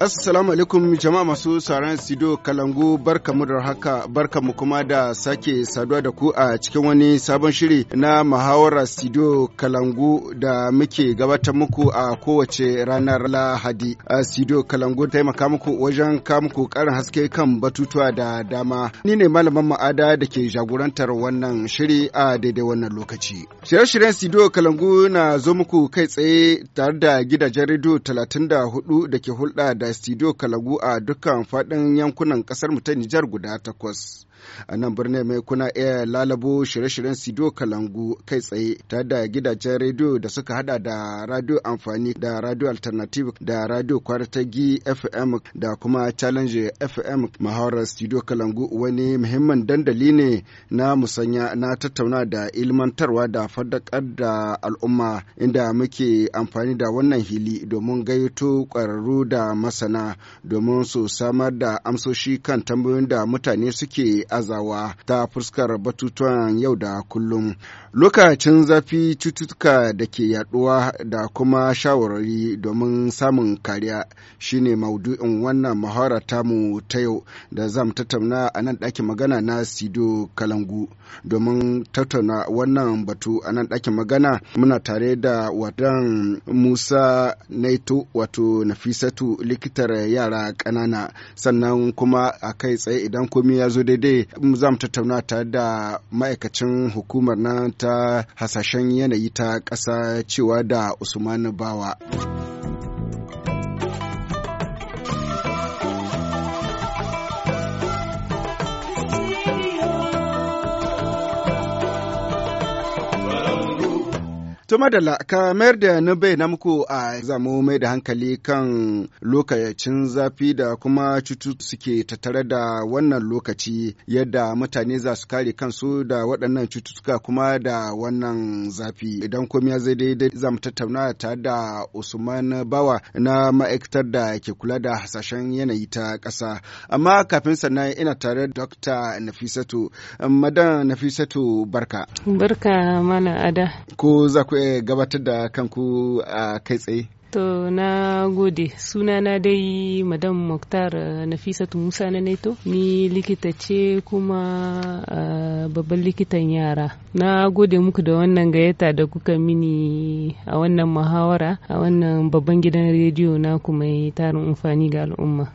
Assalamu alaikum jama'a masu sauran Sido Kalangu barkamu da haka barkamu kuma da sake saduwa da ku a cikin wani sabon shiri na muhawara Sido Kalangu da muke gabatar muku a kowace ranar Lahadi. A Sido Kalangu taimaka muku wajen muku karin haske kan batutuwa da dama. Ni ne malaman ma'ada da ke jagorantar wannan shiri a daidai wannan lokaci. Shirye-shiryen Sido Kalangu na zo muku kai tsaye tare da gidajen rediyo 34 da ke hulɗa da da studio Kalagu a dukkan faɗin yankunan ƙasar mu ta Nijar guda takwas. a nan birnin mai kuna iya lalabo shirye-shiryen sido kalangu kai tsaye ta da gidajen rediyo da suka hada da radio amfani da radio alternative da radio kwartagi fm da kuma challenge fm mahawar studio kalangu wani muhimmin dandali ne na musanya na tattauna da ilmantarwa da faddakar da al'umma inda muke amfani da wannan hili domin gayyato ƙwararru da masana domin su samar da amsoshi kan tambayoyin da mutane suke azawa ta fuskar batutuwan yau da kullum. Lokacin zafi cututtuka da ke yaduwa da kuma shawarwari domin samun kariya shine maudu'in wannan mahawara tamu ta yau da zam tattauna a nan ɗakin magana na Sido Kalangu. Domin tattauna wannan batu a nan ɗakin magana muna tare da wadan Musa Naito wato Nafisatu likitar yara ƙanana sannan kuma a kai tsaye idan komi ya zo daidai za mu tattauna tare da ma'aikacin hukumar nan ta hasashen yanayi ta ƙasa cewa da Usman Bawa. To madalla kamar da na bayyana muku a zamu mai da hankali kan lokacin zafi da kuma cutu suke tattare da wannan lokaci yadda mutane za su kare kansu da waɗannan cututtuka kuma da wannan zafi. Idan komai ya zai daidai za mu tattauna tare da Usman Bawa na ma'aikatar da ke kula da hasashen yanayi ta ƙasa. Amma kafin sannan ina tare da Nafisatu. Madan Nafisatu barka. Barka mana ada. Ko za ku gabatar da kanku a kai tsaye. To na gode sunana dai Madam Muktar eh, Nafisatu Musa na Neto ni likita ce kuma eh, babban likitan yara. Na gode muku da wannan gayyata da kuka mini a wannan muhawara a wannan babban gidan rediyo na kuma tarin amfani ga al'umma.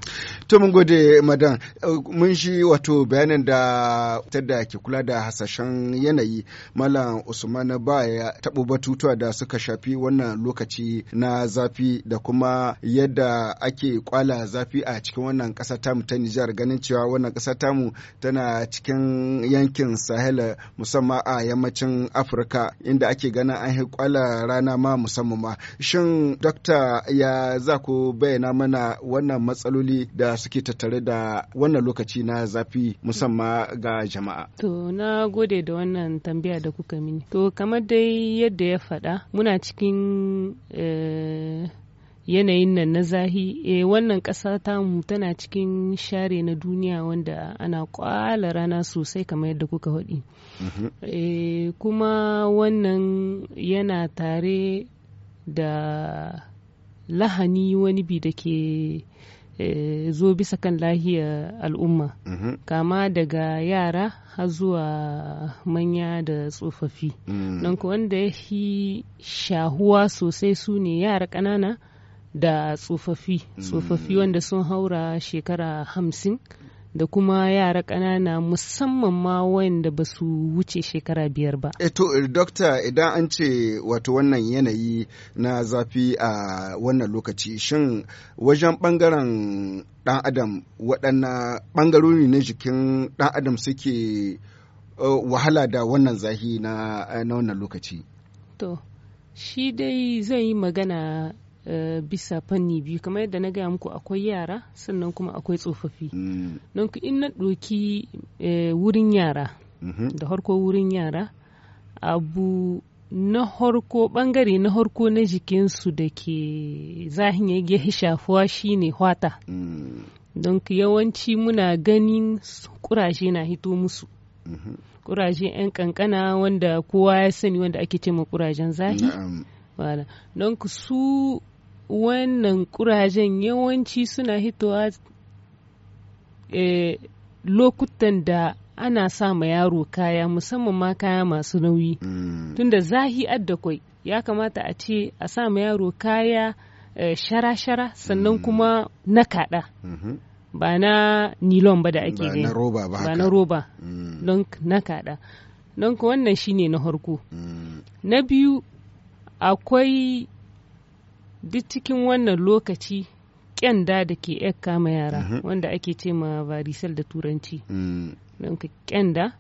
To mun gode madan uh, mun shi wato bayanin da tadda ke kula da hasashen yanayi Malam Usman ba ya tabo batutuwa da suka shafi wannan lokaci na zafi da kuma yadda ake kwala zafi a cikin wannan ƙasa tamu ta Nijar ganin cewa wannan ƙasa tamu tana cikin yankin Sahel musamman a yammacin Afirka inda ake ganin an kwala rana ma musamman ma. Shin dokta ya za ku bayyana mana wannan matsaloli da suke tattare da wannan lokaci na zafi musamman ga jama'a. To na gode da wannan tambaya da kuka mini. To kamar dai yadda ya faɗa muna cikin eh, yanayin nan na zahi e wannan ƙasa tamu tana cikin share na duniya wanda ana kwala rana sosai kamar yadda kuka haɗi mm-hmm. e, eh, kuma wannan yana tare da lahani wani bi da ke Eh, zo bisa kan lahiyar al'umma mhm. kama daga yara har zuwa manya da tsofaffi mm. don wanda ya fi shahuwa sosai su ne yara ƙanana da tsofaffi mm. tsofaffi wanda sun haura shekara hamsin da kuma yara ƙanana musamman ma wayanda ba su wuce shekara biyar ba. Eto, eh, eh, dokta idan an ce wato wannan yanayi na zafi a wannan lokaci shin wajen ɓangaren ɗan adam waɗanna ɓangarori na jikin ɗan adam suke eh, wahala da wannan zafi na wannan lokaci? To, shi dai zai yi magana Eh, bisa fanni biyu kamar yadda na gaya muku akwai yara sannan kuma akwai tsofaffi mm. don in na ɗoki eh, wurin yara mm-hmm. da harko wurin yara abu na harko bangare na harko na jikinsu da ke zahin ya shafuwa shine hwata mm. don yawanci muna ganin kuraje na hito musu kuraje mm-hmm. 'yan kankana wanda kowa ya sani wanda ake ce ma kurajen zahi Don ku su wannan kurajen yawanci suna hitowa e, lokutan da ana sa ma yaro kaya musamman ma kaya masu nauyi. Mm. Tunda zahi adda kwai ya kamata a ce a sa ma yaro kaya e, shara-shara sannan mm. kuma na kaɗa. Mm -hmm. Ba na nilon ba da ake ba na roba ba na roba mm. don na kaɗa. Don wannan shine na harko. Mm. Na biyu akwai duk cikin wannan lokaci kyanda da ke yan kama yara mhm. wanda ake ce ma varicel da turanci mm. don ka kyanda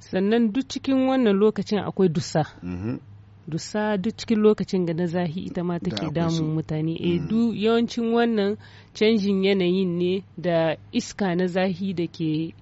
sannan duk cikin wannan lokacin akwai dusa mhm. dusa duk cikin lokacin ga na zahi ita ma take damun mutane e du yawancin wannan canjin yanayin ne da iska na zahi da ke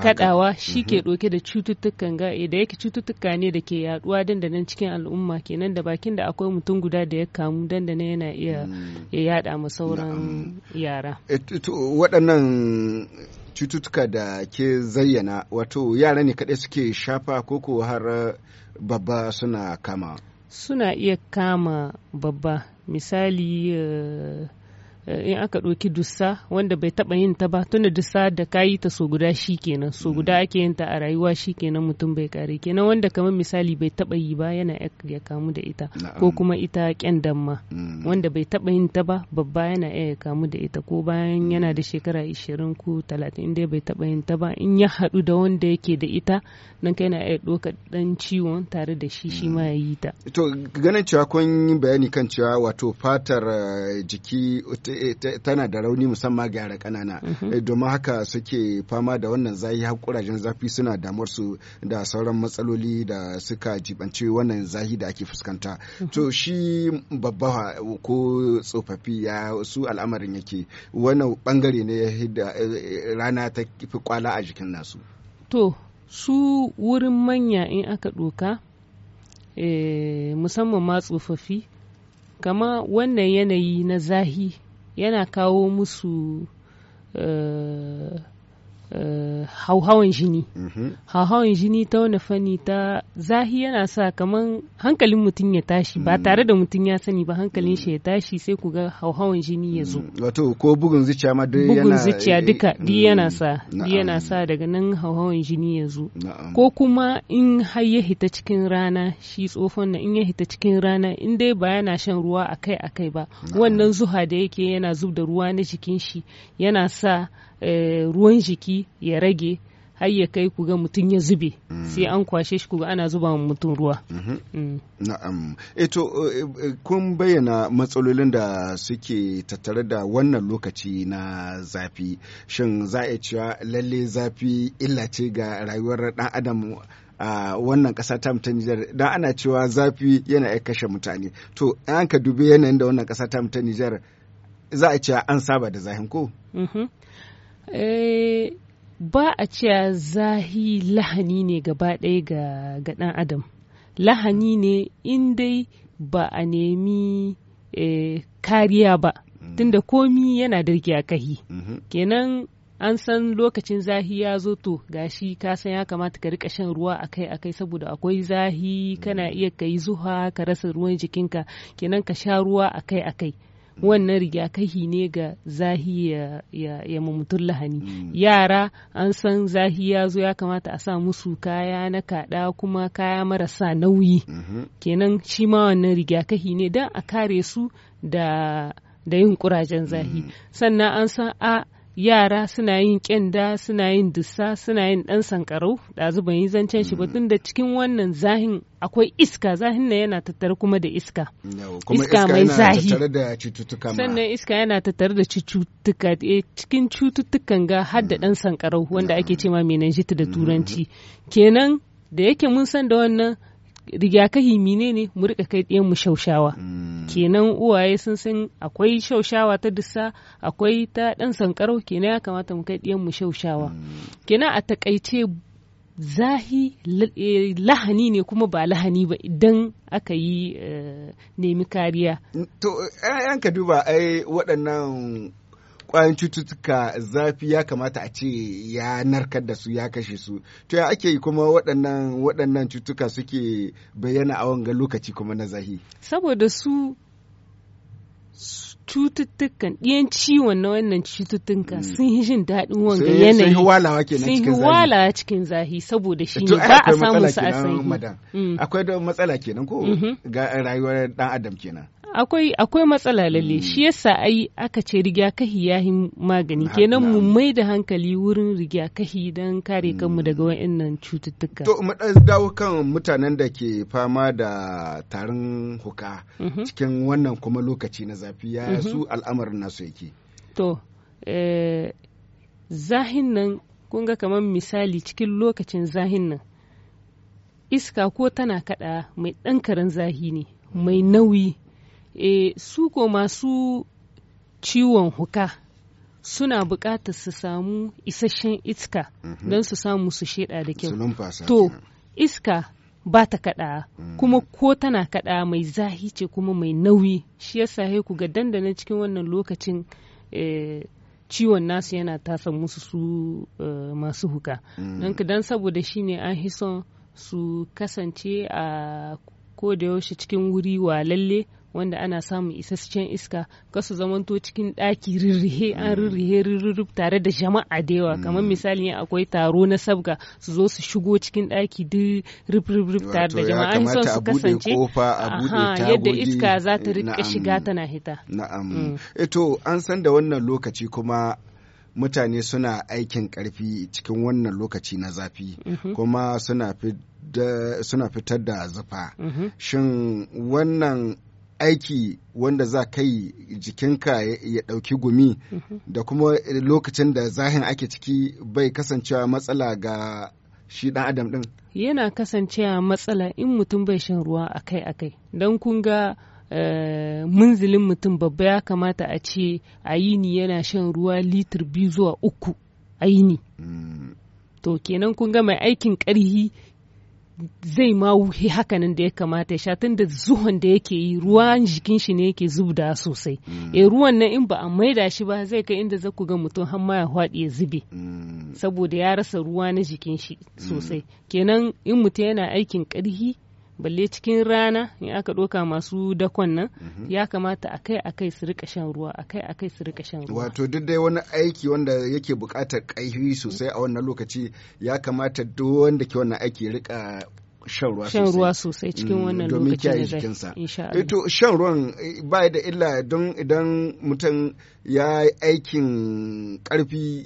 kadawa, eh, shi ke mhm. ɗauke da cututtukan ga eh, da yake cututtuka ne da ke yaduwa dandanan cikin al'umma kenan da bakin da akwai mutum guda da ya kamu dandanan yana iya mm. ya yada ma sauran yara eh, waɗannan cututtuka da ke zayyana wato yara ne kaɗai suke shafa koko har babba suna kama suna iya kama babba misali uh, Eh, in aka ɗauki dussa wanda bai taɓa yin ta ba tunda dussa da ka yi ta so guda shi kenan so guda mm. ake yin ta a rayuwa shi kenan mutum bai kare kenan wanda kamar misali bai taɓa yi ba yana ya kamu da ita ko kuma ita ƙyandan damma mm. wanda bai taɓa yin ta ba babba yana ya kamu da ita ko bayan mm. yana da shekara ishirin ko talatin dai bai taɓa yin ta ba in ya haɗu da wanda yake da ita nan kai yana iya ɗaukar ɗan ciwon tare da shi shi ma ya yi ta. to ganin cewa kun yi bayani kan cewa wato fatar eh, jiki Eh, tana da rauni musamman ga yara kanana mhm. eh, domin haka suke fama da wannan zahi har kurajen zafi suna damuwar su da sauran matsaloli da suka jibanci wannan zahi da ake fuskanta mhm. to shi babba ko tsofaffi ya su al'amarin yake wannan bangare ne da eh, rana ta fi kwala a jikin nasu to su wurin manya in aka doka musamman ma tsofaffi kama wannan yanayi na zahi yana kawo musu eh, Eh, hauhawan jini mhm. hauhawan jini ta wani fani ta zahi yana sa kamar hankalin mutum ya tashi ba mm. tare da mutum ya sani ba hankalin shi ya tashi sai ku ga hauhawan jini ya zo mm. wato ko bugun zuciya ma duk yana bugun zuciya eh, duka di mm. yana sa di yana sa daga nan hauhawan jini ya zo ko kuma in har ya hita cikin rana shi tsofon na in ya hita cikin rana in dai ba yana shan ruwa akai akai ba wannan zuha da yake yana zub da ruwa na jikin shi yana sa Eh, ruwan jiki ya rage har ya kai ku ga mutum ya zube mm. sai an kwashe shi kuga ana zuba mutum ruwa. Mm-hmm. Mm. Na'am. Eto eh, eh, kun bayyana matsalolin da suke tattare da wannan lokaci na zafi. Shin za a cewa lalle zafi illa ce ga rayuwar dan adam a wannan ƙasa ta mutan Nijar da ana cewa zafi yana ya kashe mutane. To an ka dubi yanayin da wannan ƙasa ta mutan Nijar za a cewa an saba da zahin ko? Mm-hmm. Eh, ba a cewa zahi lahani ne gaba ɗaya ga ɗan adam lahani ne in dai ba a nemi eh, kariya ba mm. tunda komi yana da kahi. Mm-hmm. kenan an san lokacin zahi ya zo to gashi ka san ya kamata ka rika shan ruwa akai akai saboda akwai zahi kana mm. iya kai zuha ka rasa ruwan jikinka kenan ka sha ruwa akai akai wannan rigakahi ne ga zahi ya, mamutun lahani mm. yara an san zahi ya zo ya kamata a sa musu kaya na kaɗa kuma kaya marasa nauyi mm-hmm. kenan shi ma wannan rigakahi ne don a kare su da yin kurajen zahi mm. sannan an san a yara suna yin kyanda suna yin dusa suna yin ɗan sankarau ɗazu ban yi zancen shi ba mm. tun da cikin wannan zahin akwai iska zahin na yana tattare kuma da iska iska mai zahi sannan iska yana tattare da cututtuka eh, cikin cututtukan ga har da mm. ɗan sankarau wanda ake mm. cewa ma meningitis da turanci kenan da yake mun san da wannan rigakahi menene mu rika kai ɗiyan mu shaushawa mm. kenan uwaye sun san akwai shaushawa ta dussa akwai ta ɗan sankaro kenan ya kamata mu kai ɗiyan mu shaushawa mm. kenan a takaice zahi eh, lahani ne kuma ba lahani ba idan aka yi eh, nemi kariya to eh, ka duba ai waɗannan kwayan cututtuka zafi ya kamata a ce ya narkar da su ya kashe su to ya ake yi kuma waɗannan waɗannan cututtuka suke bayyana a wanga lokaci kuma na zahi saboda su cututtukan ɗiyan ciwon na wannan cututtuka mm. sun yi jin daɗin wanga yanayi sun walawa cikin zahi sun walawa cikin zahi saboda shi ne ba a samu su a sanyi mm. akwai matsala kenan ko mm-hmm. ga rayuwar ɗan adam kenan akwai matsala lalle hmm. shi yasa ai aka ce rigakahi ya yi magani kenan mu mai da hankali wurin kahi don kare kanmu hmm. daga wa'annan cututtuka to mu dawo kan mutanen da ke fama da tarin huka mhm. cikin wannan kuma lokaci na zafi ya mhm. su al'amarin nasu yake to eh, zahin nan kun ga kamar misali cikin lokacin zahin nan iska ko tana kada mai ɗan karen zahi ne mai nauyi e, su ko masu ciwon huka suna buƙatar su samu isasshen iska mm -hmm. don su samu su sheda da kyau to iska ba ta kaɗa mhm. kuma ko tana kaɗa mai zahi ce kuma mai nauyi shi ya sahi ku ga dandanan cikin wannan lokacin e, ciwon nasu yana tasa musu su uh, masu huka mm. don saboda shi ne an hison su kasance a uh, ko yaushe cikin wuri wa lalle wanda ana samun isasshen iska kasu zamanto cikin ɗaki rirrihe an rirrihe rirrif tare da jama'a da yawa mm. kamar misali akwai taro na sabga su zo su shigo cikin ɗaki rirrif tare da jama'a an son su kasance yadda iska za ta rika shiga tana hita na'am mm. eto eh an san da wannan lokaci kuma mutane suna aikin karfi cikin wannan lokaci na zafi mm-hmm. kuma suna fitar da zufa mm-hmm. shin wannan aiki wanda za kai jikinka ya ɗauki gumi mm-hmm. da kuma lokacin da zahin ake ciki bai kasancewa matsala ga shi ɗan adam ɗin? Yana kasancewa matsala in mutum bai shan ruwa akai-akai don kun ga eh, munzilin mutum babba ya kamata a ce ayini yana shan ruwa litir biyu zuwa uku ayini mm. To kenan kun ga mai aikin ƙarhi zai ma wuhi hakanan da ya kamata ya sha tun da zuhon da yake yi ruwan jikin shi ne yake zubda sosai mm. eh ruwan nan in ba a maida shi ba zai kai inda za ku ga mutum har ma ya hwaɗi ya zube mm. saboda ya rasa ruwa na jikin shi mm. sosai kenan in mutum yana aikin ƙarfi. balle cikin rana in aka ɗauka masu dakon nan mhm. ya kamata akai akai su rika shan ruwa akai akai su rika shan ruwa wato duk dai wani aiki wanda yake buƙatar ƙaihi sosai a wannan lokaci ya kamata duk wanda ke wannan aiki rika shan ruwa shan ruwa sosai cikin mm, wannan lokacin domin kiyaye jikinsa eh to shan ruwan eh, ba da illa don idan mutum ya yi aikin karfi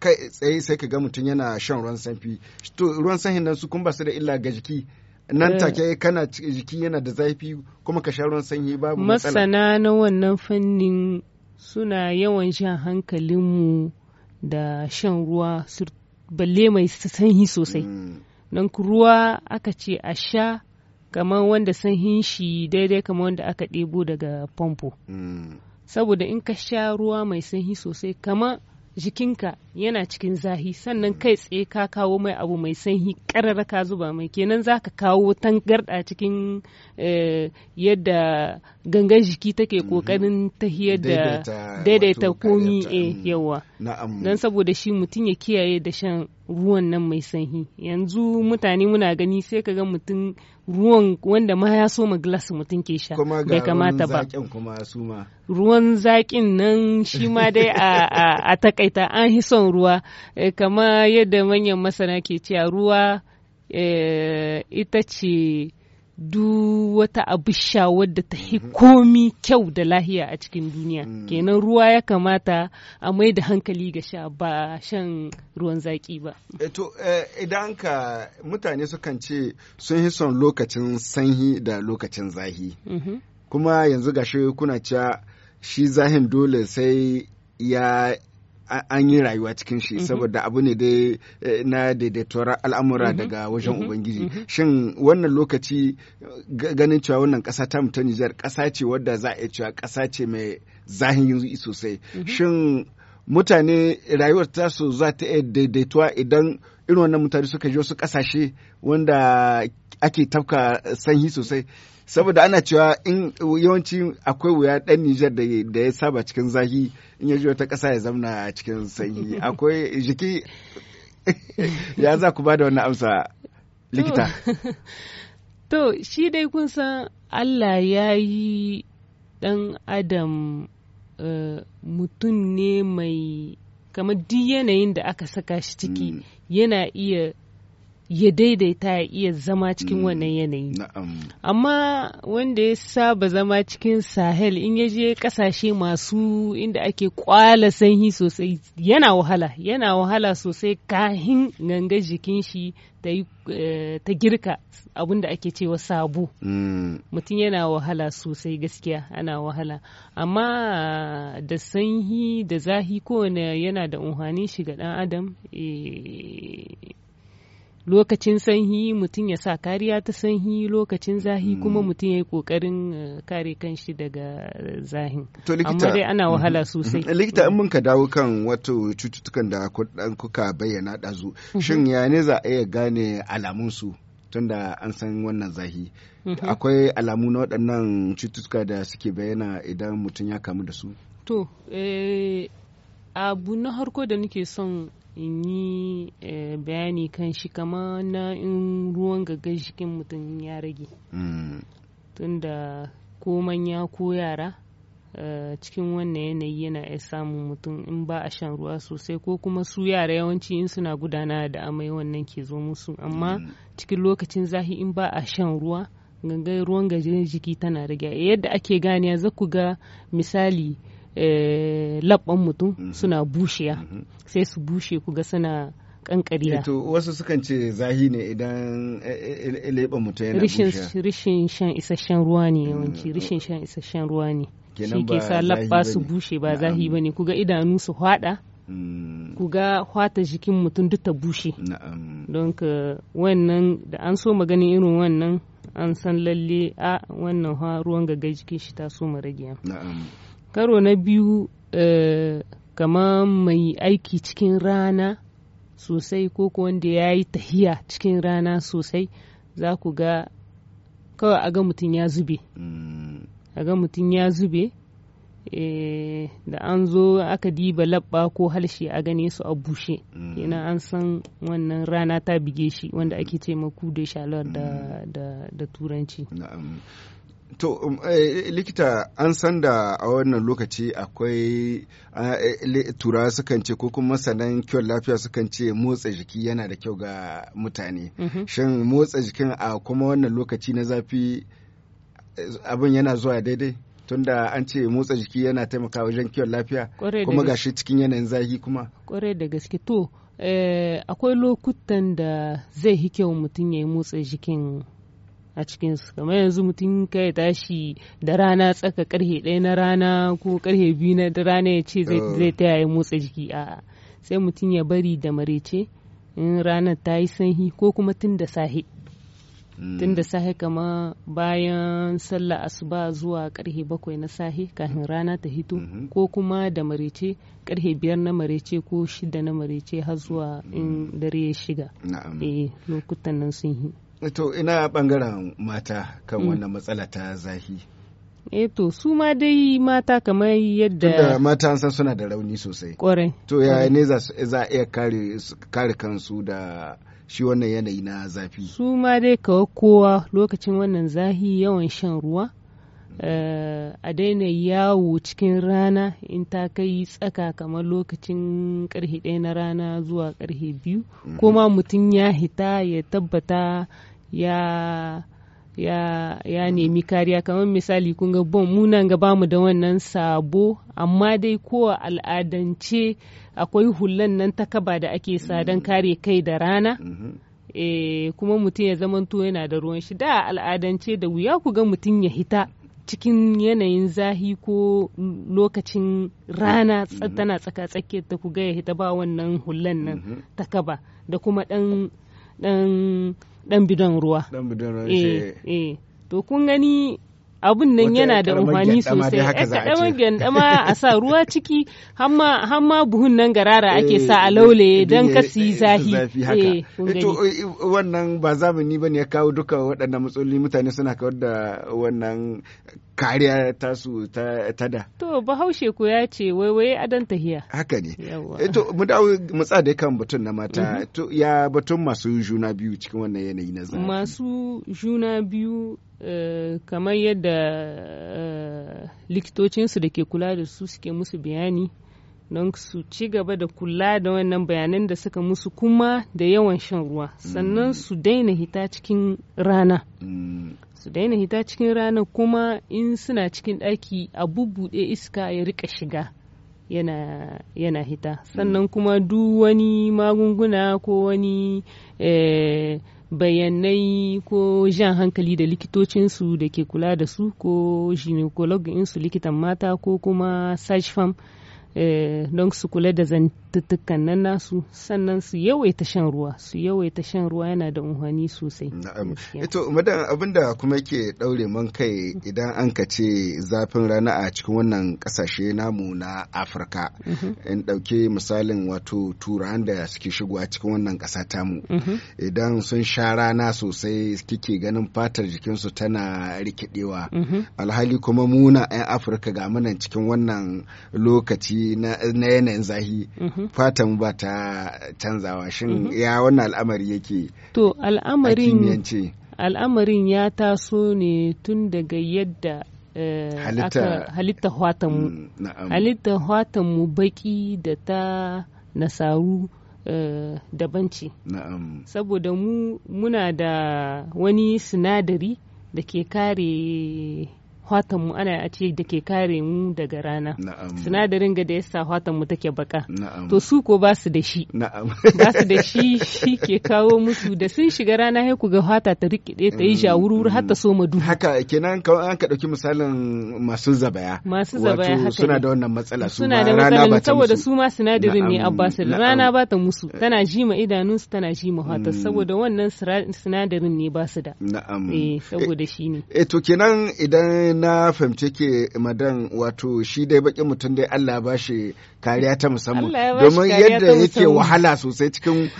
kai tsaye sai ka ga mutum yana shan ruwan sanfi to ruwan sanfi nan su kun ba su da illa ga jiki nan eh. take eh, kana jiki yana da zafi kuma ka sha ruwan sanyi babu matsala masana na wannan fannin suna yawan shan hankalinmu da shan ruwa balle mai sanyi sosai mm. don ruwa aka ce a sha kamar wanda sanyin shi daidai kamar wanda aka ɗebo daga famfo mm. saboda in ka sha ruwa mai sanyi sosai kamar jikinka yana cikin zahi sannan kai tsaye ka kawo mai abu mai sanyi karara ka zuba mai kenan za ka kawo tangarɗa cikin eh, yadda gangan jiki take kokarin mhm. tahiyar da daidaita komi yawa eh, don saboda shi mutum ya kiyaye da shan ruwan nan mai sanyi yanzu mutane muna gani sai ka ga mutum ruwan wanda ma ya soma glass mutum ke sha bai kamata ba ruwan zaƙin nan shi ma dai a takaita an hi son ruwa eh, kama yadda manyan masana ke cewa ruwa eh, ita ce duk wata sha wadda ta hi mhm. komi kyau da lahiya a cikin duniya mm. kenan ruwa ya kamata a mai da hankali ga sha ba shan ruwan zaki ba eh, to eh, idan ka mutane sukan ce sun hi son lokacin sanyi da lokacin zahi mhm. kuma yanzu gashi kuna cewa shi zahin dole sai ya an yi rayuwa cikin shi mhm. saboda abu ne dai eh, na daidaituwar al'amura mhm. daga wajen mhm. ubangiji shin wannan lokaci ganin cewa wannan kasa ta ta nijar kasa ce wadda za a iya cewa kasa ce mai zahiri sosai shin mutane rayuwar su za ta iya daidaituwa idan irin wannan mutane suka je wasu kasashe wanda ake tafka sanyi sosai saboda ana cewa in yawanci akwai wuya dan Nijar da ya saba cikin zahi in ya wata ƙasa ya zamna a cikin sanyi akwai jiki ya za ku ba da wannan amsa likita to shi dai kun san Allah ya yi ɗan adam eh, mutum ne mai kamar duk yanayin da aka saka shi ciki mm. yana iya ya daidaita ya iya zama cikin mm, wannan yanayi amma wanda ya saba zama cikin sahel in ya je kasashe masu inda ake kwala sanyi sosai yana wahala yana wahala sosai kahin ganga jikin shi ta eh, girka abunda ake cewa sabu mm. mutum yana wahala sosai gaskiya ana wahala amma da sanyi da zahi kowane yana da unhani shi ga dan adam eh, lokacin sanyi mutum ya sa kariya ta sanyi lokacin zahi mm. kuma mutum ya yi kokarin eh, kare kanshi daga eh, zahin amma dai ana mm-hmm. wahala sosai mm-hmm. likita in mun ka dawo kan wato cututtukan da kuka bayyana ɗazu mm-hmm. shin ya ne za a iya gane alamunsu tunda an san wannan zahi akwai alamu na waɗannan cututtuka da suke bayyana idan mutum ya kamu da su to eh, abu na harko da nake son in yi eh, bayani kan shi kama na in ruwan gaggan jikin mutum ya rage mm. tunda ko manya ko yara eh, cikin wannan yanayi yana iya samun mutum in ba a shan ruwa sosai ko kuma su yara yawanci in suna gudana da amai wannan ke zo musu amma mm. cikin lokacin zahi in ba a shan ruwa gangar ruwan gajiyar jiki tana rage yadda ake gane za ku ga misali Eh, labban mutum mhm. suna bushiya mhm. sai su bushe kuga suna kankariya eh, to wasu sukan ce zahi ne idan eh, leɓen mutum yana bushiya rishin shan isasshen ruwa ne yawanci mm. rishin shan isasshen ruwa ne shi ke sa labba su bushe ba zahi ba ne kuga idanu su hwada mm. ku ga hwata jikin mutum duk ta bushe don ka wannan da an so maganin irin wannan an san lalle a wannan ruwan gaggai jikin shi ta so rage karo na biyu eh, kamar mai aiki cikin rana sosai ko wanda ya yi tahiya cikin rana sosai za ku ga kawai a ga mutum ya zube mm. a ga mutum ya zube eh, da an zo aka diba labba ko halshe a gane su a bushe yana mm. an san wannan rana ta bige shi wanda mm. ake ce maku da shalar da turanci To, um, eh, likita an san da a wannan lokaci akwai eh, turawa sukan ce ko kuma sanan kyau lafiya sukan ce motsa jiki yana da kyau ga mutane. Mm -hmm. Shin motsa jikin a kuma wannan lokaci na zafi eh, abin yana zuwa daidai? Tunda an ce motsa jiki yana taimakawa wajen kyau lafiya kuma gashi cikin yanayin zafi kuma. Kwarai da gaske to, eh, akwai lokutan da zai hi kyau mutum ya yi motsa jikin a cikinsu kamar yanzu mutum ka ya tashi da rana tsaka karhe ɗaya na rana ko karhe biyu na rana ya ce zai oh. ta ya motsa jiki a sai mutum ya bari da marece in ranar ta yi sanyi ko kuma tun da sahi hmm. tun da sahi kama bayan sallah asuba zuwa karhe bakwai na sahi kafin rana ta hito mm-hmm. ko kuma da marece karhe biyar na marece ko shida na marece har zuwa hmm. in dare ya shiga eh, lokutan nan sun yi to ina bangaren mata kan mm. wannan matsala ta zafi. e eh, to su ma dai mata kamar yadda mata an san suna da rauni sosai kwarai to ya ne za a iya kare kansu da shi wannan yanayi na zafi su ma dai kawai kowa lokacin wannan zahi yawan shan ruwa eh, a daina yawo cikin rana in ta kai tsaka kamar lokacin karhe ɗaya na rana zuwa karhe biyu mm-hmm. ko ma mutum ya hita ya tabbata ya ya ya nemi kariya kamar misali kun ga bom munan ga bamu da wannan sabo amma dai ko al'adance akwai hullan nan ta kaba da ake sa don mm. kare kai da rana e, kuma mutum ya zamanto yana da ruwan shi da al'adance da wuya ku ga mutum ya hita cikin yanayin zahi ko lokacin rana mm-hmm. tana tsaka-tsakiyar ta ku ga ya hita ba wannan hullan nan mm-hmm. ta kaba da kuma dan dan bidan ruwa dan bidan ruwa eh, eh to kun gani abun nan yana da amfani sosai ya dama gyandama a sa ruwa ciki hamma buhun nan garara eh, ake sa a eh, laulaye eh, don kasi zahi wannan ba zamani ba ne ya kawo duka waɗannan matsaloli mutane suna kawar da wannan kariya ta su ta da. To ba haushe ko ya ce waiwaye adon tahiya. Haka ne. To mu dawo mu tsada kan batun na mata. Mhm. To ya batun masu juna biyu cikin wannan yanayi na zama. Masu juna biyu Eh, kamar yadda eh, likitocinsu da ke kula da su suke musu bayani don su ci gaba da kula da wannan bayanan da suka musu kuma da yawan shan ruwa mm. sannan su daina hita cikin rana mm. su daina hita cikin rana kuma in suna cikin ɗaki a bubbuɗe iska ya rika shiga yana, yana hita sannan mm. kuma duk wani magunguna ko wani eh, bayanai ko jan hankali da likitocinsu da ke kula da su ko gynecolog insu likitan mata ko kuma sage farm eh, don su kula da cututtukan nan nasu sannan su yawaita shan ruwa su yawaita shan ruwa yana da unhani sosai ito madan abinda kuma yake daure man kai idan an ka ce zafin rana a cikin wannan kasashe namu na afirka mhm. in dauke misalin wato turan da suke shigowa cikin wannan kasa tamu mhm. idan sun sha rana sosai kike ganin fatar jikinsu tana rikidewa mhm. alhali kuma muna 'yan afirka ga munan cikin wannan lokaci na yanayin zahi Mm-hmm. fatan ba ta canzawa shin mm-hmm. ya wannan al'amari yake to al'amarin al'amarin ya taso ne tun daga yadda eh, halitta hwatanmu halitta hwatanmu mm, baki da ta nasaru eh, dabanci saboda mu muna da wani sinadari da ke kare hwatan mu ana a ce da ke kare mu daga rana sinadarin ga da yasa hwatan mu take baka to su ko ba su da shi ba su da shi shi ke kawo musu da sun shiga rana sai ku ga fata ta rikide ta yi mm, jawurur har ta mm. soma duhu haka kenan an ka dauki misalin masu zabaya masu zabaya haka suna da wannan matsala su suna da musu. saboda su ma sinadarin ne abbasu rana ba ta musu eh. tana ji ma idanunsu tana ji ma fata mm. saboda wannan sinadarin ne ba su da na'am eh saboda shi ne eh, eh to kenan idan na fahimce ke madan wato shi dai bakin mutum dai Allah ba shi kariya ta musamman domin yadda yake wahala sosai cikin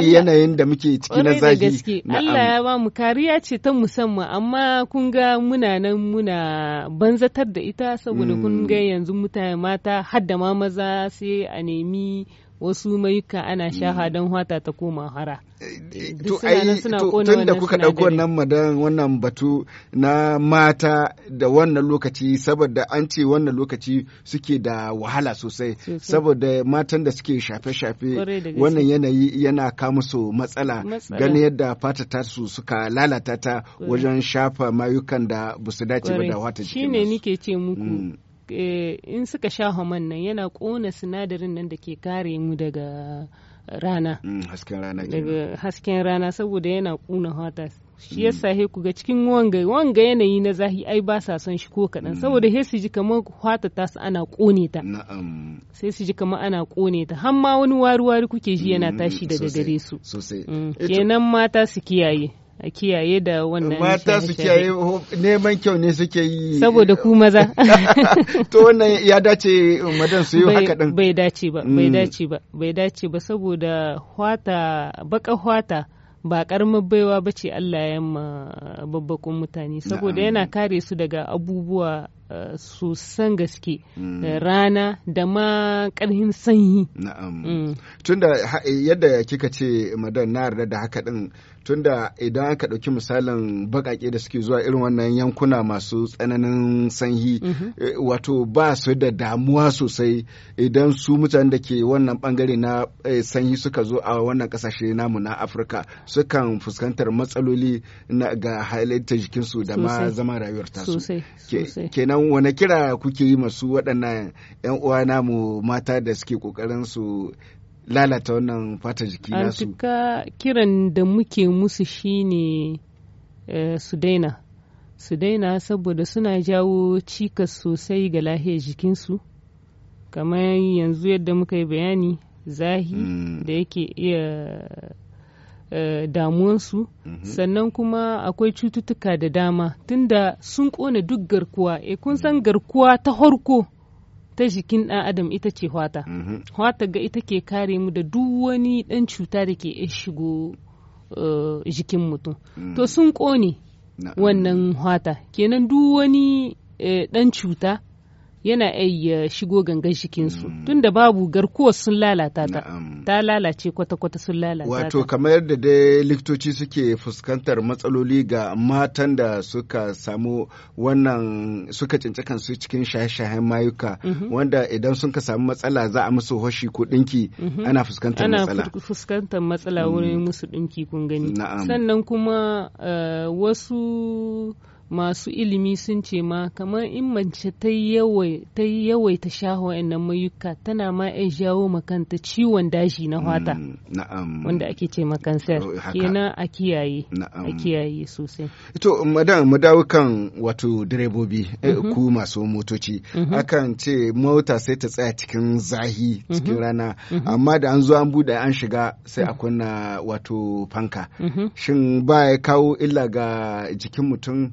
yanayin da muke ciki na zagi Allah ya ba mu kariya ce ta musamman amma kun ga muna nan muna banzatar da ita saboda kun mm. ga yanzu mutane mata har da ma maza sai a nemi wasu mayuka ana mm. shaha don hata ta koma hara. Eh, eh, tun da kuka ɗauko wannan madan wannan batu na mata da wannan lokaci saboda an ce wannan lokaci suke da wahala sosai. saboda matan da suke shafe-shafe wannan yanayi yana kama su matsala gani yadda fata ta su suka lalata ta wajen shafa mayukan da ba su dace ba da wata jikin shine ce muku mm. eh, suka sha nan yana kona sinadarin nan da ke kare mu daga rana mm, hasken rana saboda yana kuna hata shi yasa he ku ga cikin wanga wanga yanayi na zahi ai ba sa son shi ko kaɗan. Mm. saboda he su ji kamar hata ta su ana ƙone ta sai su ji kamar ana ƙone ta har ma wani wari wari kuke ji yana mm, tashi daga gare su sosai mm, eh, kenan mata su kiyaye a kiyaye da wannan mata su kiyaye neman kyau ne suke yi saboda ku maza to wannan ya dace um, madan su yi haka din bai dace ba bai dace ba bai dace ba saboda hwata baka hwata ba karamin baiwa ba Allah ya ma babbakon mutane saboda yana kare su daga abubuwa Eh, su san gaske eh, rana da ma karhin sanyi. Na'am. Mm. Tunda yadda kika ce madan na yarda da haka din tunda idan aka ɗauki misalin baƙaƙe da suke zuwa irin wannan yankuna masu tsananin sanyi mm-hmm. eh, wato ba su da damuwa sosai idan su mutane da ke wannan bangare na sanyi suka zo a wannan kasashe namu na afirka sukan fuskantar matsaloli ga halitta jikinsu da ma zama rayuwar tasu kenan kenan wani kira kuke yi masu waɗannan 'yan uwa namu mata da suke ƙoƙarin su lalata wannan fata jiki nasu antuka kiran da muke musu shine ne eh, su daina su daina saboda suna jawo cikas sosai ga lahiyar jikinsu kamar yanzu yadda muka yi bayani zahi mm. da yake iya Eh, damuwansu mhm. sannan kuma akwai cututtuka da dama tunda sun kone duk garkuwa e kun san mhm. garkuwa ta harko ta jikin ɗan adam ita ce hwata mhm. hwata ga ita ke kare mu da duk wani ɗan cuta da ke shigo eh, jikin mutum to sun kone wannan hwata kenan duk wani ɗan cuta yana iya shigo gangan jikinsu tun mm. tunda babu garkuwar sun lalata ta ta lalace kwata-kwata sun lalata wato kamar yadda dai likitoci suke fuskantar matsaloli ga matan da suka samu wannan suka cinci kansu cikin shaye-shayen mayuka mhm. wanda idan sun ka samu matsala za a musu hoshi ko dinki mhm. ana fuskantar matsala ana fuskantar matsala wurin mm. musu dinki kun gani sannan kuma eh, wasu masu ilimi sun ce ma kamar in mace ta yi yawaita shaho wa'annan mayuka tana ma iya jawo makanta ciwon daji na fata mm, wanda ake ce makansar oh, kenan a kiyaye a kiyaye sosai ito madan madawu kan wato direbobi eh, mhm. ku masu motoci mhm. akan ce mota sai ta tsaya cikin zahi mhm. cikin rana amma da an zo an bude an shiga sai a kunna wato fanka shin ba ya kawo illa ga jikin mutum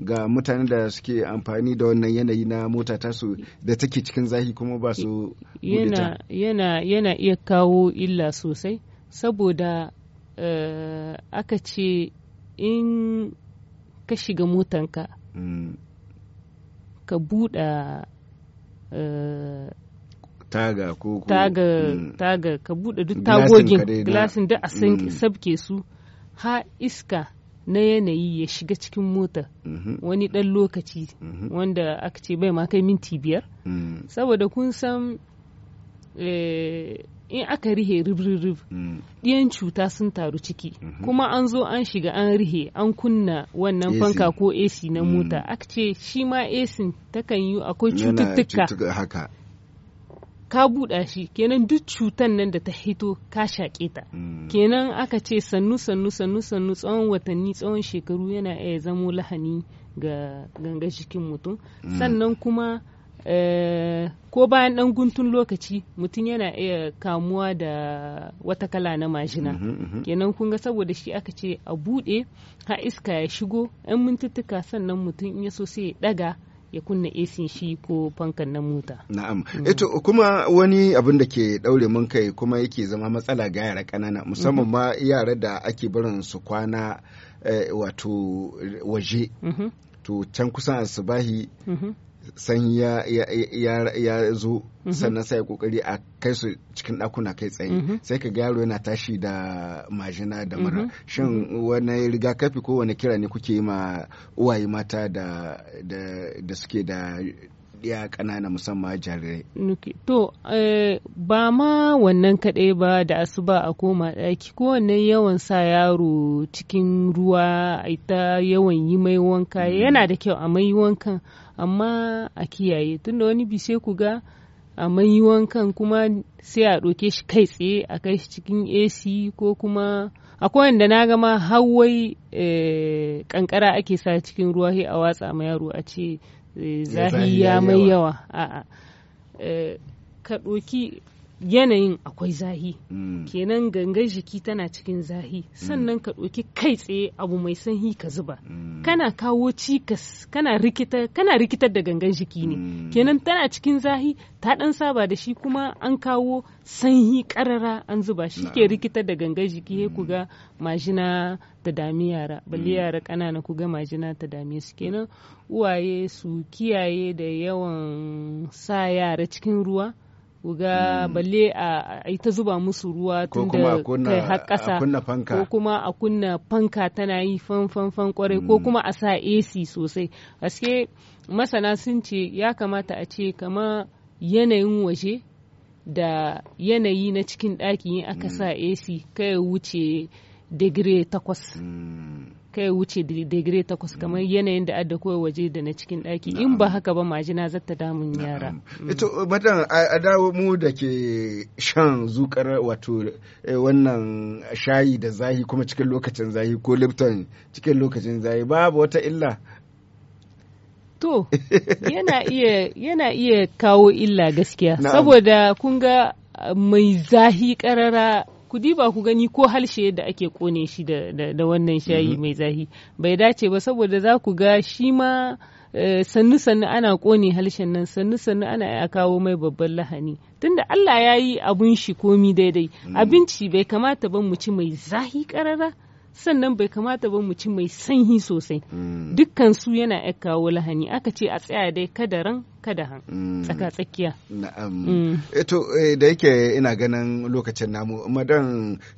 ga mutane da suke amfani da wannan yanayi na mota tasu da take cikin zahi kuma ba su yana, yana, iya kawo illa sosai saboda uh, aka ce in ka shiga motanka mm. ka buɗa eh, taga ko taga, mm. taga ka buɗe duk tagogin glasin da a mm. sabke su ha iska na yanayi ya shiga cikin mota mhm. wani ɗan lokaci mhm. wanda aka ce bai ma kai minti biyar mm. saboda kun san eh, in aka rihe rib mm. ɗiyan cuta sun taru ciki mhm. kuma an zo an shiga an rihe an kunna wannan fanka ko ac na mota mm. aka ce shi ma ac takan yi akwai cututtuka ka buɗa shi kenan duk cutan nan da ta hito ka shaƙe ta hmm. kenan aka ce sannu sannu sannu sannu tsawon watanni tsawon shekaru yana iya zamo lahani ga gangar jikin mutum hmm. sannan kuma eh, ko bayan ɗan guntun lokaci mutum yana iya kamuwa da wata kala na majina mhm, mhm. kenan kun ga saboda shi aka ce a buɗe ha iska ya shigo 'yan mintuttuka sannan mutum in ya so sai ya ɗaga ya kunna esin shi ko fankan na mota. Na'am. Mm. Eto kuma wani abin da ke daure mun kai kuma yake zama matsala ga yara kanana musamman mm-hmm. ma yara da ake barin su kwana eh, wato waje. Mm-hmm. To can kusan asubahi mm-hmm. sanyi ya ya zo mhm. sannan sai kokari a kai su cikin ɗakuna kai tsaye mhm. sai ka yaro yana tashi da majina da mara mhm. shin wani rigakafi ko wani kira ne kuke yi ma uwaye mata da da suke da ya ƙanana musamman jarirai. To, eh, ba ma wannan kaɗai ba da asuba a koma ɗaki ko wannan yawan sa yaro cikin ruwa a ita yawan yi mai wanka mm. yana da kyau a mai wankan amma a kiyaye tunda wani bi ku ga a mai wankan kuma sai a ɗauke shi kai tsaye a kai shi cikin ac ko kuma akwai wanda na gama hawai kankara eh, ake sa cikin ruwa a watsa ma yaro a ce eh, zahi ya mai yawa a'a eh, ka ɗauki. yanayin akwai zahi mm. kenan gangar jiki tana cikin zahi mm. sannan ka ɗauki kai tsaye abu mai sanyi ka zuba mm. kana kawo cikas kana rikitar da gangan jiki ne kenan tana cikin zahi ta ɗan saba da shi kuma an kawo sanyi ƙarara an zuba shi ke rikitar da gangan jiki he ku ga majina ta dami yara balle yara ƙanana ku majina ta dami su kenan uwaye su kiyaye da yawan sa yara cikin ruwa Uga hmm. balle a ita zuba musu ruwa tun da kai har ƙasa ko kuma a kunna fanka tana yi fan-fan-fan kwarai ko hmm. kuma a sa AC sosai. Gaske masana sun ce ya kamata a ce kama yanayin waje da yanayi na cikin ɗaki aka hmm. sa AC kai wuce digire takwas. Mm. kai wuce digiri takwas mm. kamar yanayin da adda kowa waje da na cikin ɗaki in ba haka ba majina zata ta damun yara. Mm. Ito madan a dawo mu da ke shan zukar wato eh, wannan shayi da zahi kuma cikin lokacin zahi ko lipton cikin lokacin zahi babu wata illa. To, yana iya yana iya kawo illa gaskiya saboda kun ga eh, mai zahi karara ku diba ku gani ko halshe yadda ake kone shi da wannan shayi mhm. mai zahi bai dace ba saboda za ku ga shi ma eh, sannu sannu ana kone halshen nan sannu sannu ana a kawo mai babban lahani tunda Allah ya yi abun shi komi daidai mm. abinci bai kamata ban mu ci mai zahi karara sannan bai kamata ba mu ci mai sanyi sosai mm. dukkan su yana ya kawo lahani aka ce a tsaya dai kada ran kada han mm. tsaka tsakiya mm. eto eh eh, da yake ina ganin lokacin namu madan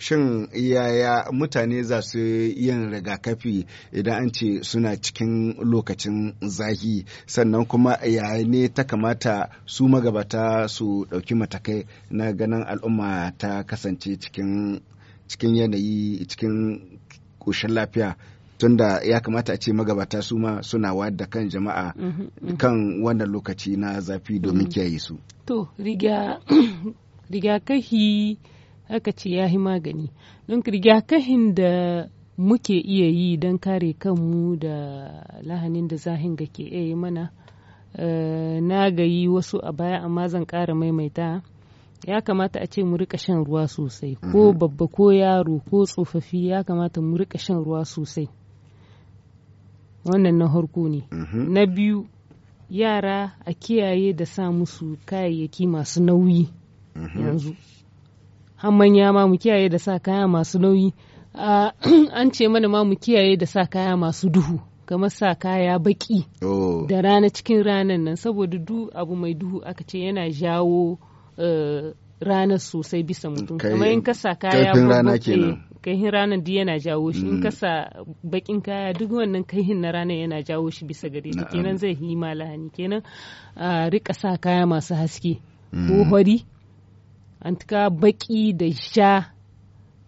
shin yaya mutane za su yin rigakafi idan an ce suna cikin lokacin zahi sannan kuma yaya ne ta kamata su magabata su dauki matakai na ganin al'umma ta kasance cikin cikin yanayi cikin koshin lafiya tunda ya kamata a ce magabata su ma suna wayar da kan jama'a mm-hmm. kan wannan lokaci na zafi domin mm-hmm. kiyaye su. To, rigakahi aka ce ya magani. Don rigakahin da muke iya yi don kare kanmu da lahanin da zahin ga ke iya mana, eh, na gayi wasu a baya amma zan ƙara maimaita. ya kamata a ce mu rika shan ruwa sosai ko mhm. babba ko yaro ko tsofaffi ya kamata mu rika shan ruwa sosai wannan na harko ne mhm. na biyu yara a kiyaye da sa musu kayayyaki masu nauyi mhm. yanzu manya ma mu kiyaye da sa kaya masu nauyi an ce mana ma mu kiyaye da sa kaya masu duhu kamar sa kaya baki oh. da rana cikin ranan nan saboda duk abu mai duhu aka ce yana jawo Eh, ranar sosai bisa mutum kamar in kasa kaya kaifin rana eh, kaihin ranar duk yana jawo shi in mm. kasa bakin kaya duk wannan kaihin na ranar yana jawo shi bisa gare ta kenan zai yi malahani kenan a rika sa kaya masu haske mm. ko hori an tuka baki da sha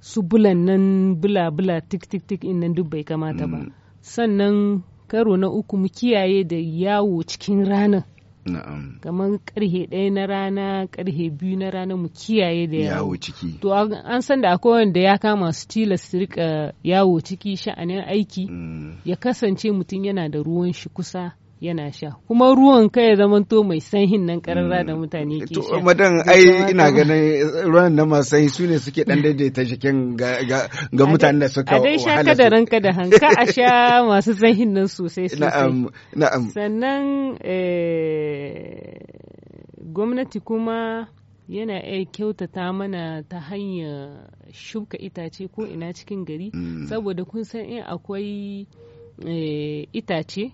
su bulan nan bula bula tik tik tik in nan duk bai kamata ba mm. sannan karo na uku mu kiyaye da yawo cikin ranar kamar karhe ɗaya na rana karhe biyu na rana mu kiyaye da yawo ciki to an san da akwai wanda ya kama su tilas su rika yawo ciki sha'anin aiki mm. ya kasance mutum yana da ruwan shi kusa yana sha kuma ruwan kai ya zamanto mai sanhin nan kararra da mutane ke sha madan ai ina ganin ruwan na masu sanyi su ne suke dan daidaita jikin ga mutanen da suka wahala a dai sha ka da ranka da hanka a sha masu sanhin nan sosai sosai na'am na'am sannan eh, gwamnati kuma yana iya kyautata mana ta hanyar shuka itace ko ina cikin gari mm. saboda kun san in akwai eh, itace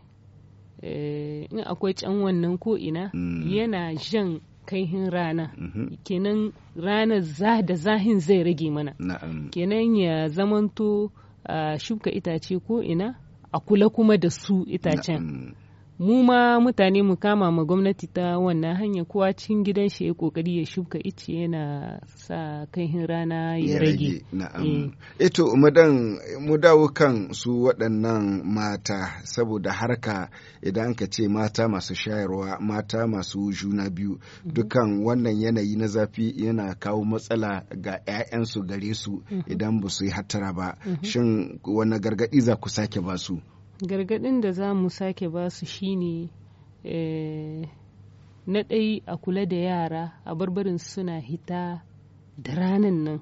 Eh, in akwai can wannan ko'ina mm. yana jan kaihin rana mm-hmm. kenan ranar za da zahin zai rage mana kenan ya zamanto a ah, shuka itace ko'ina a kula kuma da su itacen mu ma mutane mu kama ma gwamnati ta wannan hanya kowa cikin gidan shi ya kokari ya shuka ice yana sa kan rana ya rage na'am eh. Eh madan mu dawo kan su waɗannan mata saboda harka idan ka ce mata masu shayarwa mata masu juna biyu mhm. dukan wannan yanayi na zafi yana kawo matsala ga 'ya'yansu gare su mhm. idan ba su yi hattara ba mhm. shin wani gargaɗi za ku sake ba su gargaɗin da za mu sake ba su shi ne eh, na ɗai a kula da yara a barbarin suna hita da ranan nan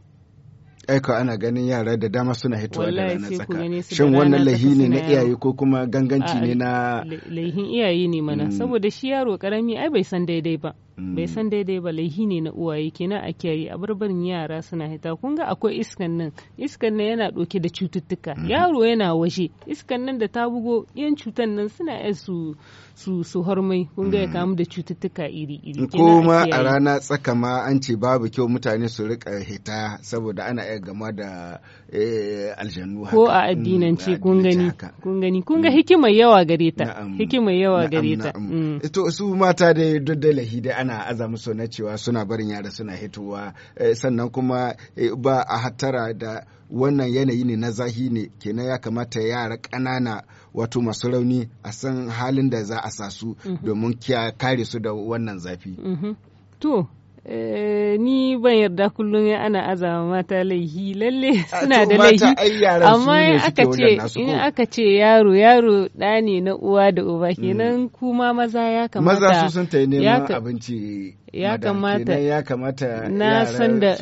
aiko ana ganin yara da dama suna hitowa da ranar tsaka shin wannan laihi ne na iyaye ko kuma ganganci ne na laihin iyaye ne mana mm. saboda shi yaro karami ai bai san daidai ba bai mm. san daidai ba laihi ne na uwaye kenan a kiyaye a barbarin yara suna hita kun ga akwai iskan nan iskan nan yana ɗauke da cututtuka mm. yaro yana waje iskan nan da ta bugo yan cutan nan suna iya su su su hormai kun ga ya mm. kamu da cututtuka iri iri ko ma a rana tsaka ma an ce babu kyau mutane su rika hita saboda ana iya gama da eh, aljannu ko a addinance kun gani kun gani kun ga hikimar yawa gare ta hikimar yawa gare ta to su mata da duk da lahi da ana aza musu na cewa suna barin yara suna hitowa eh, sannan kuma eh, ba a hattara da wannan yanayi ne na zahi ne kenan ya kamata yara ƙanana wato masu rauni a san halin da za a sa su mhm. domin kare su da wannan zafi. Mhm. To, Eh, ni ban yarda kullum ya ana azama mata laihi lalle suna da laihi amma in aka ce in aka ce yaro yaro da ne na uwa da uba mm. kenan kuma maza ya kamata maza su sun tayi neman abinci ya kamata ya kamata na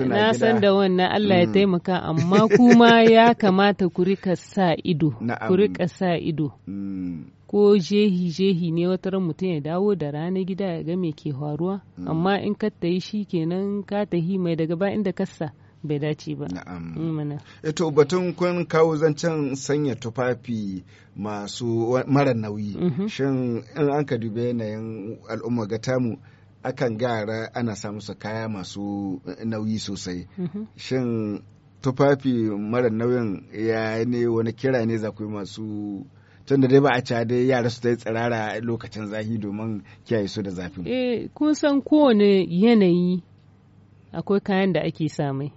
na san da wannan Allah ya mm. taimaka amma kuma ya kamata ku rika sa ido ku rika sa ido mm. ko jehi jehi ne wata ran mutum ya dawo da rana gida ya ga me ke faruwa mm. amma in ka tayi shi kenan ka tahi mai daga ba inda kasa bai dace ba. Na'am. Ito mm, eh batun kun kawo zancen sanya tufafi masu mara nauyi. Mm in an ka dube yanayin al'umma ga tamu akan gara ana samu su kaya masu nauyi sosai. Mm-hmm. shan tufafi mara nauyin ya ne wani kira ne za ku yi masu tun da dai ba a ca dai yara su dai tsirara lokacin zafi domin kiyaye su da zafi. Eh kun san kowane yanayi akwai kayan da ake sa mai.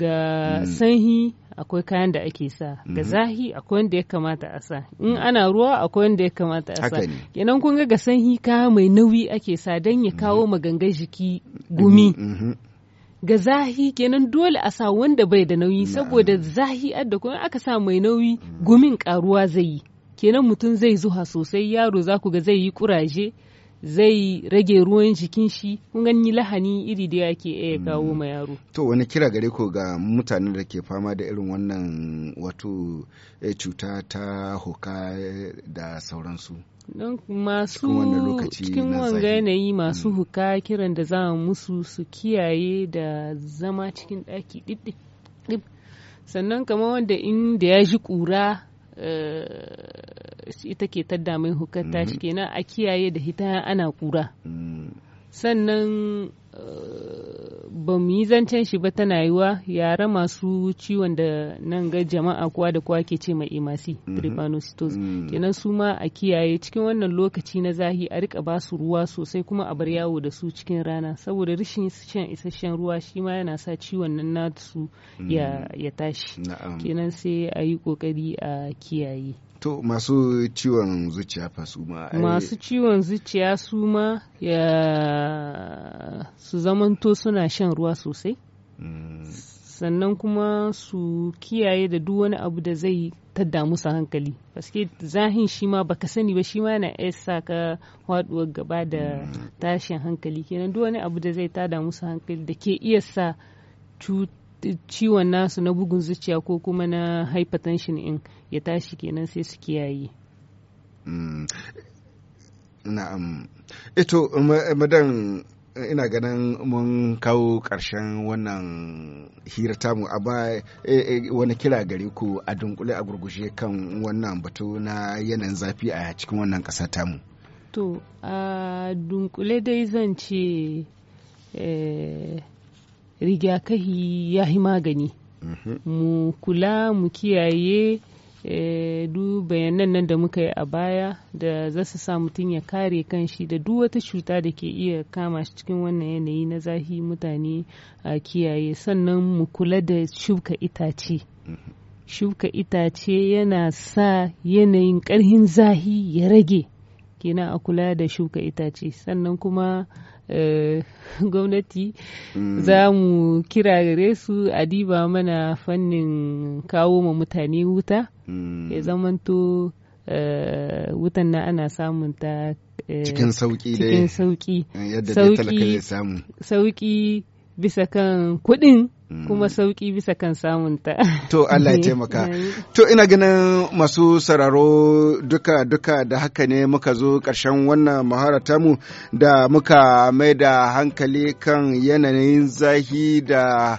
Ga hmm. sanyi akwai kayan da ake sa, ga hmm. zahi akwai wanda ya kamata a sa, in ana ruwa akwai wanda ya kamata a sa. Kenan kun ga sanyi kaya mai nauyi ake sa don ya kawo hmm. magangan jiki gumi. ga zahi kenan dole a sa wanda bai da nauyi saboda zahi adda kuma aka sa mai nauyi gumin karuwa zai yi kenan mutum zai zuha sosai yaro za ku ga zai yi kuraje zai rage ruwan jikin shi kun gani lahani iri da yake iya mm. kawo ma yaro to wani kira gare ku ga mutanen da ke fama da irin wannan wato eh, cuta ta hoka eh, da sauransu don masu cikin wanga yanayi masu mm. huka kiran da za musu su kiyaye da zama cikin ɗaki ɗiɗɗiɗ sannan kama wanda inda ya ji ƙura eh, ita ke tadda mai hukata tashi mm. kenan a kiyaye da hita ana ƙura mm. sannan ba mu yi zancen shi ba tana yiwa yara masu ciwon da nan ga jama'a kuwa da kuwa ke ce mai imasi mhm. trypanocytosis mm. kenan su ma a kiyaye cikin wannan lokaci na zahi a rika ba su ruwa sosai kuma a bar yawo da su cikin rana saboda rashin shan isasshen ruwa shi ma yana sa ciwon nan nasu mm. ya tashi kenan sai a yi kokari a kiyaye To masu ciwon zuciya fa su ma. Masu ciwon zuciya su ma su zamanto suna shan ruwa sosai. Mm. Sannan kuma su kiyaye da duk wani abu da zai tadda musu hankali. Paske zahin shi ma baka sani ba shi ma yana iya sa ka waduwar gaba da mm. tashin hankali kenan duk wani abu da zai tada musu hankali da ke iya sa ciwon nasu na bugun zuciya ko kuma na hypertension in ya tashi kenan sai su kiyaye mm. na'am ito eh, madan eh, ina ganin mun kawo ƙarshen wannan hira mu a ba eh, wani kira gare ku a dunkule a gurgushe kan wannan batu na yanayin zafi a cikin wannan ƙasa tamu to a dunkule dai zan ce rigakahi ya yi magani mhm. mu kula mu kiyaye eh, duk bayanan nan da muka yi a baya da za su sa mutum ya kare kan shi da duk wata cuta da ke iya kama shi cikin wannan yanayi na zahi mutane a kiyaye sannan mu kula da shuka itace mhm. shuka itace yana sa yanayin karhin zahi ya rage kenan a kula da shuka itace sannan kuma eh, gwamnati mm. za mu kira gare su a diba mana fannin kawo ma mutane wuta mm. ya zamanto eh, wutan na ana samun ta eh, cikin sauki dai yadda samu sauki bisa kan kuɗin mm. kuma sauƙi bisa kan samunta. To Allah ya taimaka. To ina ganin masu sararo duka duka da haka ne muka zo ƙarshen wannan maharatamu mu da muka mai da hankali kan yanayin zahi da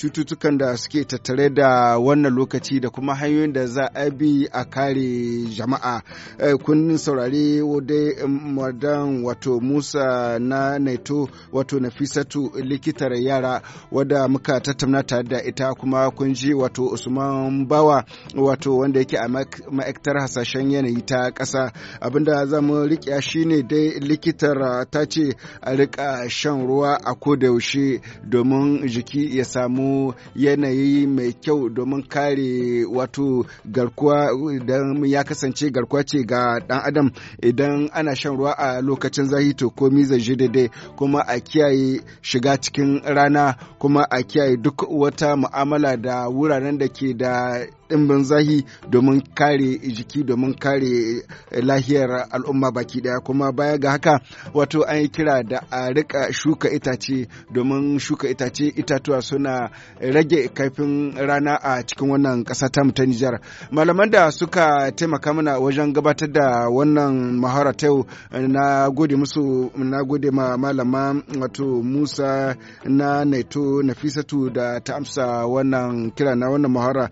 cututtukan da suke tattare da wannan lokaci da kuma hanyoyin da za a bi a kare jama'a eh, kun saurari dai madan wato musa na naito wato nafisatu likitar yara wadda muka tattauna tare da ita kuma kun ji wato usman bawa wato wanda yake a ma'aikatar hasashen yanayi ta ƙasa abinda za mu shi ne dai likitar ta ce a rika shan ruwa a yaushe, domin jiki ya samu yanayi mai kyau domin kare wato garkuwa idan ya kasance garkuwa ce ga dan adam idan ana shan ruwa a lokacin zahi to komi zai daidai kuma a kiyaye shiga cikin rana kuma a kiyaye duk wata mu'amala da wuraren da ke da ɗimbin zahi domin kare jiki domin kare eh, lahiyar al'umma baki daya kuma baya ga haka wato an yi kira da a rika shuka itace domin shuka itace itatuwa suna rage kaifin rana a cikin wannan ƙasa ta ta Nijar. Malaman da suka taimaka mana wajen gabatar da wannan mahara ta yau na gode musu na gode ma malama wato Musa na Naito Nafisatu da ta amsa wannan kira na wannan mahara.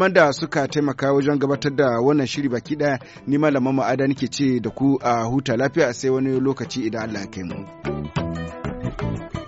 malaman da suka taimaka wajen gabatar da wannan shiri baki daya ni malaman ma'ada nake ce da ku a huta lafiya sai wani lokaci idan Allah ya kai mu.